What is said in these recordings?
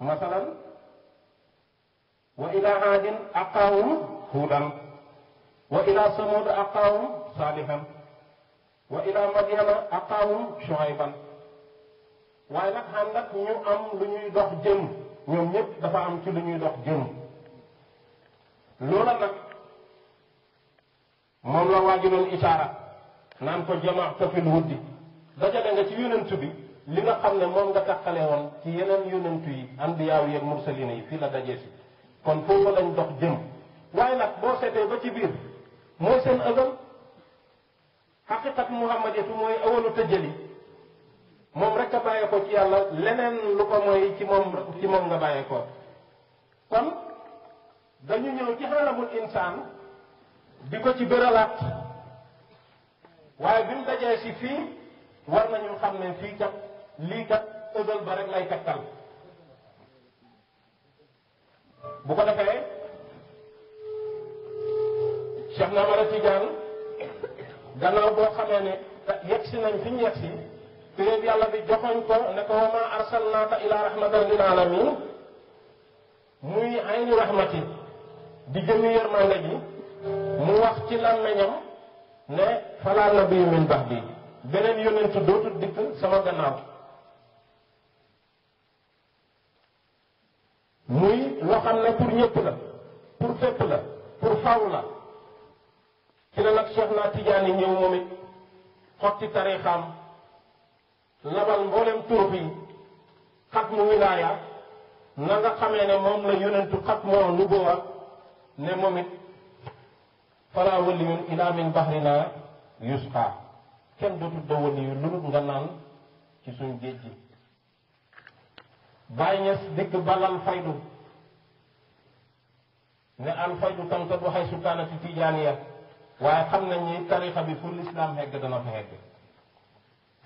مثلا وإلى عاد أقاوم هودا وإلى ثمود أقاهم صالحا وإلى مدين أقاهم شعيبا وإلى هندك نيو أم لنيو دوخ جيم نيو نيب دفع أم تي لنيو دوخ جيم لولا نك مملا واجب الإشارة نانكو جماعة في الهود دجل نجي يونن تبي li nga xam ne moom nga takkale woon ci yeneen yonentu yi ambiyaaw yeeg mursalina yi fi la dajee si kon foofu lañ dox jëm waaye nag boo seetee ba ci biir mooy seen ëgal xaqiqat muhammadiyatu mooy awalu tëjali moom rek a bàyyee ko ci yàlla leneen lu ko mooy ci moom ci moom nga bàyyee ko kon dañu ñëw ci xaalamul insaan di ko ci bëralaat waaye bi mu dajee si fii war nañu xam ne fii kat lii kat ëggal ba rek lay tegtal bu ko defee Cheikh Namara Tidiane gannaaw boo xamee ne yegg nañ fiñ ñu yegg si téréb yàlla bi joxoñ ko ne ko wama arsalnaaka ila rahmatan lil alamin muy ayni rahmati di gën yërmande ji mu wax ci làmmiñam ne falaa nabiyu min ba'di beneen yonentu dootul dikk sama gannaaw muy loo xam ne pour ñëpp la pour fépp la pour faw la ci la nag soxna Tijaani ñëw moom it xotti tarixaam labal mboolem tur bi xatmu wilaaya na xamee ne moom la yonentu xatmu nubuwa ne moom it fala waliyun ila min bahrina yusqa kenn dootul da waliyu lu nga naan ci suñ géej gi Baay Ñas dégg balal faydu ne al faydu tamtadu haysu kaanati tijaaniya waaye xam nañ ni tarixa bi fu lislaam hegg dana fa hegg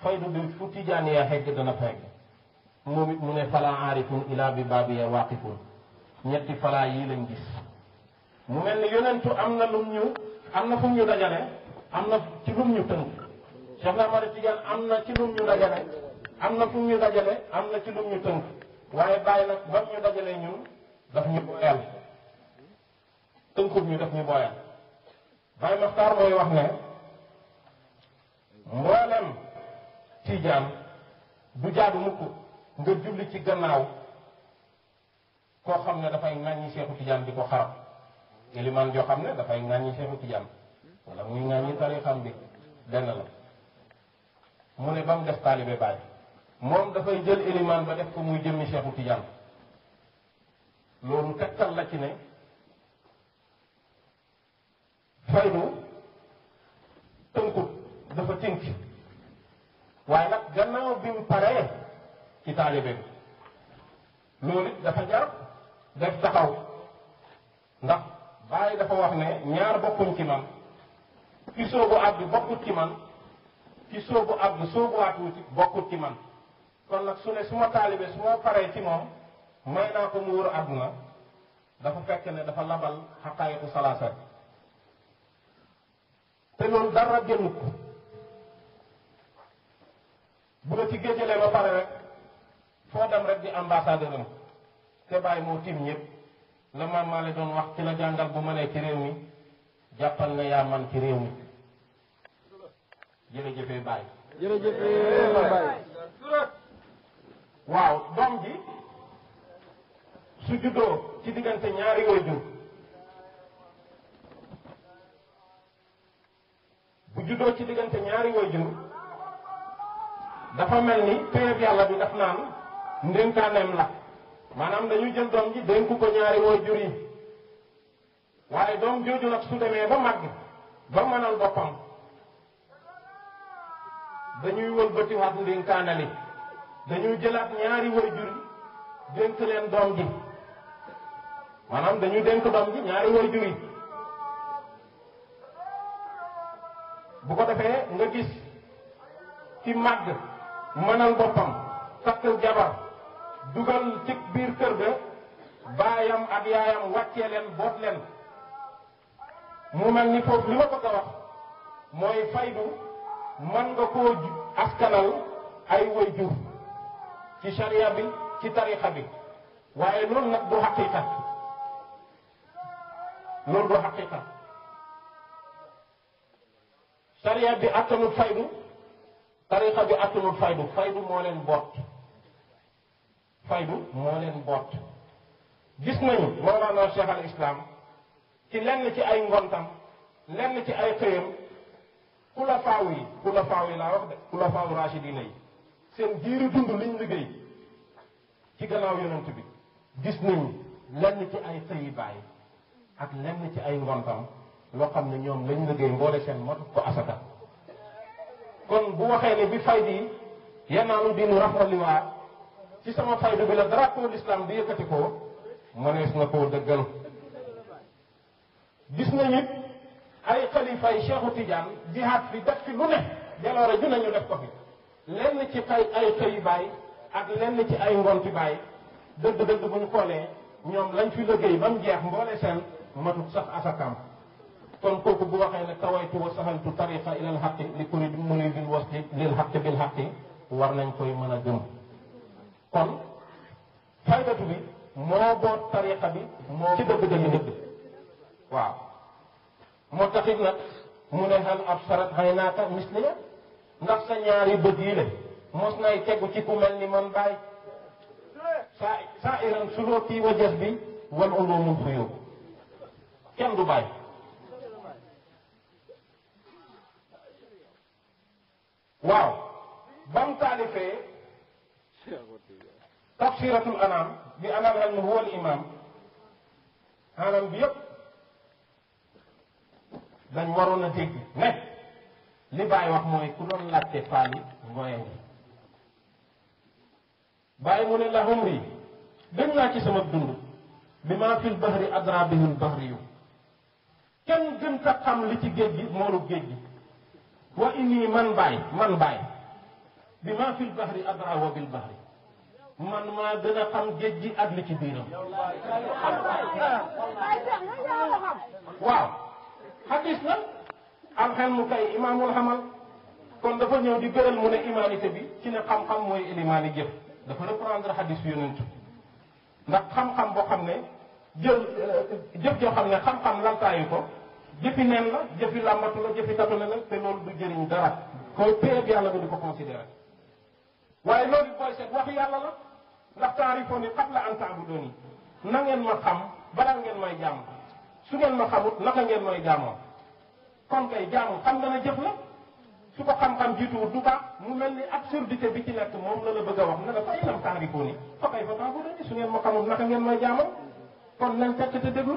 faydu bi fu tijaaniya hegg dana fa hegg mu ne falaa aarifun ilaa bi baabiya waaqifun ñetti falaa yii lañ gis mu mel ni yonentu am na lum ñu am na fu ñu dajale am na ci lum ñu tënk Cheikh Ahmad Tidiane am na ci lum ñu dajale am na fu ñu dajale am na ci lum ñu tënk waaye bàyyi nag ba ñu dajalee ñun daf ñu booyal tënkub ñu daf ñu booyal Baye Maxtaar mooy wax ne mboolem tiijaan du jaadu mukk nga julli ci gannaaw koo xam ne dafay ŋàññi seexu tijaan di ko xarab ilimaan joo xam ne dafay ŋàññi seexu tijaan wala muy ŋàññi tariixam bi benn la mu ne ba mu def taalibe Baye moom dafay jël ilimaan ba def ko muy jëmmi Seexu Tijaan loolu tegtal la ci ne faydu tënkut dafa tënk waaye nag gannaaw bi mu paree ci taalibe loolu it dafa jar def taxaw ndax bàyyi dafa wax ne ñaar bokkuñ ci man ki soobu àgg bokkut ci man ki soobu àgg soobuwaat wu bokkut ci man kon nag su ne su ma taalibe su ma paree ci moom may naa ko mu wër àdduna dafa fekk ne dafa labal xaqaayiqu salaasa te loolu dara génnut ko bu la ci géejalee ba pare rek foo dem rek di ambassadeur am te bàyyi moo tiim ñëpp la maam maa doon wax ci la jàngal bu mënee ci réew mi jàppal nga yaa man ci réew mi jërëjëfee bàyyi bàyyi waaw doom ji su juddoo ci diggante ñaari waajur bu juddoo ci diggante ñaari waajur dafa mel ni péeb yàlla bi daf naan ndénkaaneem la maanaam dañu jël doom ji dénku ko ñaari waajur yi waaye doom jooju nag su demee ba màgg ba mënal boppam dañuy wëlbatiwaat ndénkaane li dañuy jëlaat ñaari wayjur yi dénk leen doom ji maanaam dañuy dénk doom ji ñaari wayjur yi bu ko defee nga gis ci màgg mënal boppam takk jabar dugal ci biir kër ga baayam ak yaayam wàccee leen boot leen mu mel ni foofu li ma bëgg a wax mooy faydu mën nga koo askanal ay way jur ci sharia bi ci tariqa bi waaye loolu nag du xaqiqa loolu du xaqiqa sharia bi attanul faydu tariqa bi attanul faydu faydu moo leen boot faydu moo leen boot gis nañu Mawlana Cheikh al Islam ci lenn ci ay ngontam lenn ci ay xëyam kula la faaw yi ku la faaw yi laa wax de kula la faaw rachidina yi seen jiiru dund liñ liggéey ci gannaaw yonent bi gis nañu lenn ci ay sëyi bàyyi ak lenn ci ay ngontam loo xam ne ñoom lañ liggéey mboole seen mot ko asaka kon bu waxee ne bi fayda yi yennaanu diinu raxwaliwaat ci sama fayda bi la drapeau l'islam di yëkkati ko mënees na koo dëggal gis nañu it ay xalifa yi Cheikhu jihaat fi def fi lu ne jaloore ju nañu def ko fi lenn ci fay ay fayu baay ak lenn ci ay ngonti baay dëgg-dëgg bu ñu xoolee ñoom lañ fi liggéey ba mu jeex mboole seen matut sax asakam kon kooku bu waxee ne tawaytu wa sahaltu tariqa ilal xaqi li kuri munidin wasdi lil xaqi bil xaqi war nañ koy mën a gëm kon faydatu bi moo boot tariqa bi moo ci dëgg-dëgg dëgg waaw moo taxit nag mu ne hal absarat xaynaaka misliya ndax sa ñaari bët yi le mos nay ci ku mel ni man bàyyi saa wa jës wal ulumul xuyub kenn du bàyyi waaw bam taalifee tafsiratul anam bi anam al huwa al imam anam bi yëpp dañ waroon ne li Baye wax mooy ku doon laajte faali ngooya ngi mu ne la humri dëgg ci sama dund bi maa fil bahri adra bihil bahri yu kenn gën ta li ci géej gi mooru géej gi wa inni man Baye man Baye bi maa fil bahri adra wa bil bahri man maa gën a xam géej gi ak li ci biiram waaw xadis am alxel mu kay imaamul xamal kon dafa ñëw di gëral mu ne imanité bi ci ne xam-xam mooy ilimaani jëf dafa reprendre xadis yonentu ndax xam-xam boo xam ne jël euh, jëf xam ne xam-xam lantaayu ko jëfi neen la jëfi làmbatu la jëfi tatale la te loolu du jëriñ dara koy péeb yàlla ba di ko considéré waaye loolu booy seet waxu yàlla la ndax taarifoo ni qabla an taabudoon yi na ngeen ma xam balaa ngeen may jàmm su ngeen ma xamut naka ngeen mooy jàmmoo kon kay jaamu xam na ne jëf la su ko xam-xam jiituwul du baax mu mel ni absurdité bi ci nekk moom la la bëgg a wax na la fa ilam taarifu ni fa kay fa taabu ni su ngeen ma xamul ngeen may jaamal kon nañ fekk te déglu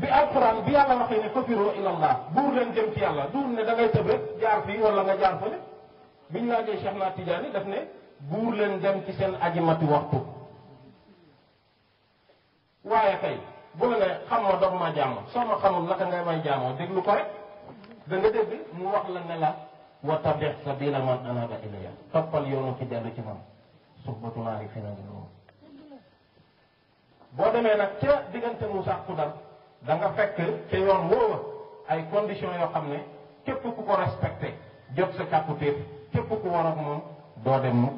bi alquran bi yàlla waxee ne fafiroo ilallah buur leen jëm ci yàlla duur ne dangay ngay tëb rek jaar fii wala nga jaar fële biñ laajee Cheikh na Tidiane daf ne buur leen dem ci seen ajimati waxtu waaye kay bu la ne xam ma dog ma jaamu soo ma xamul naka ngay may jaamoo déglu ko rek da nga dégg mu wax la ne la wa tabi sabila man anaba ilayya toppal yoonu ci dellu ci moom suxbatulaahi fi nagi loolu boo demee nag ca diggante mu dal da nga fekk ca yoon woowa ay condition yoo xam ne képp ku ko respecté jot sa kàppu téef képp ku war ak moom doo dem mukk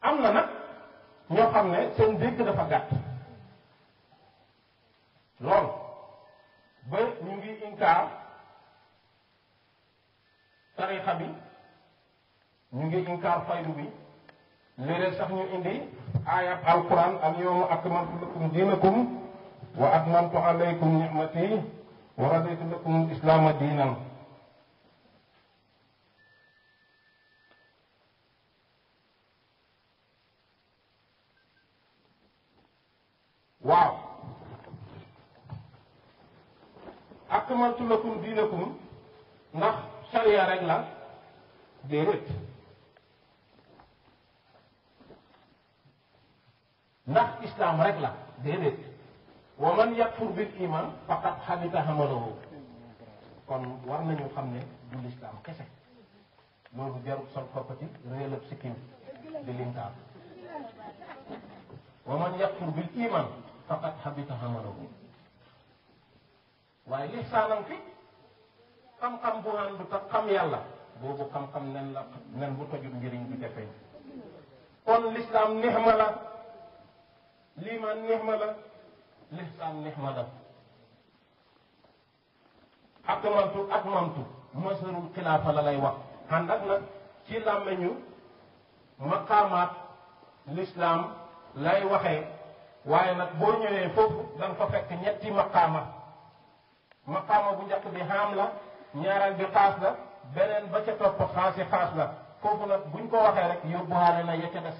am na nag ñoo xam ne seen dégg dafa gàtt lool ba ñu ngi inkaar tarixa bi ñu ngi inkaar faydu bi léeg-léeg sax ñu indi aayab alquran al yawma akmaltu lakum diinakum wa atmamtu alaykum nicmati wa raditu lakum islaama diinan akmaltu lakum diinakum ndax sariya rek la déedéet ndax islam rek la déedéet wa man yakfur bil iman faqad xabita amaluhu kon war nañu xam ne du lislaam kese loolu jarul man yakfur bil iman waaye lixsaanam fi xam-xam bu àndut ak xam yàlla boobu xam-xam nen la nen bu tojul njëriñ bi defee kon lislaam nixma la liimaan nixma la lixsaan nixma la akmaltu akmamtu masarul xilaafa la lay wax ànd ak nag ci làmmeñu maqaamaat lislaam lay waxee waaye nag boo ñëwee foofu da fa fekk ñetti maqaama maqaama bu njëkk bi xaam la ñaareel bi xaas la beneen ba ca topp xaasi xaas la kooku nag buñ ko waxee rek yóbbuwaale na yecca des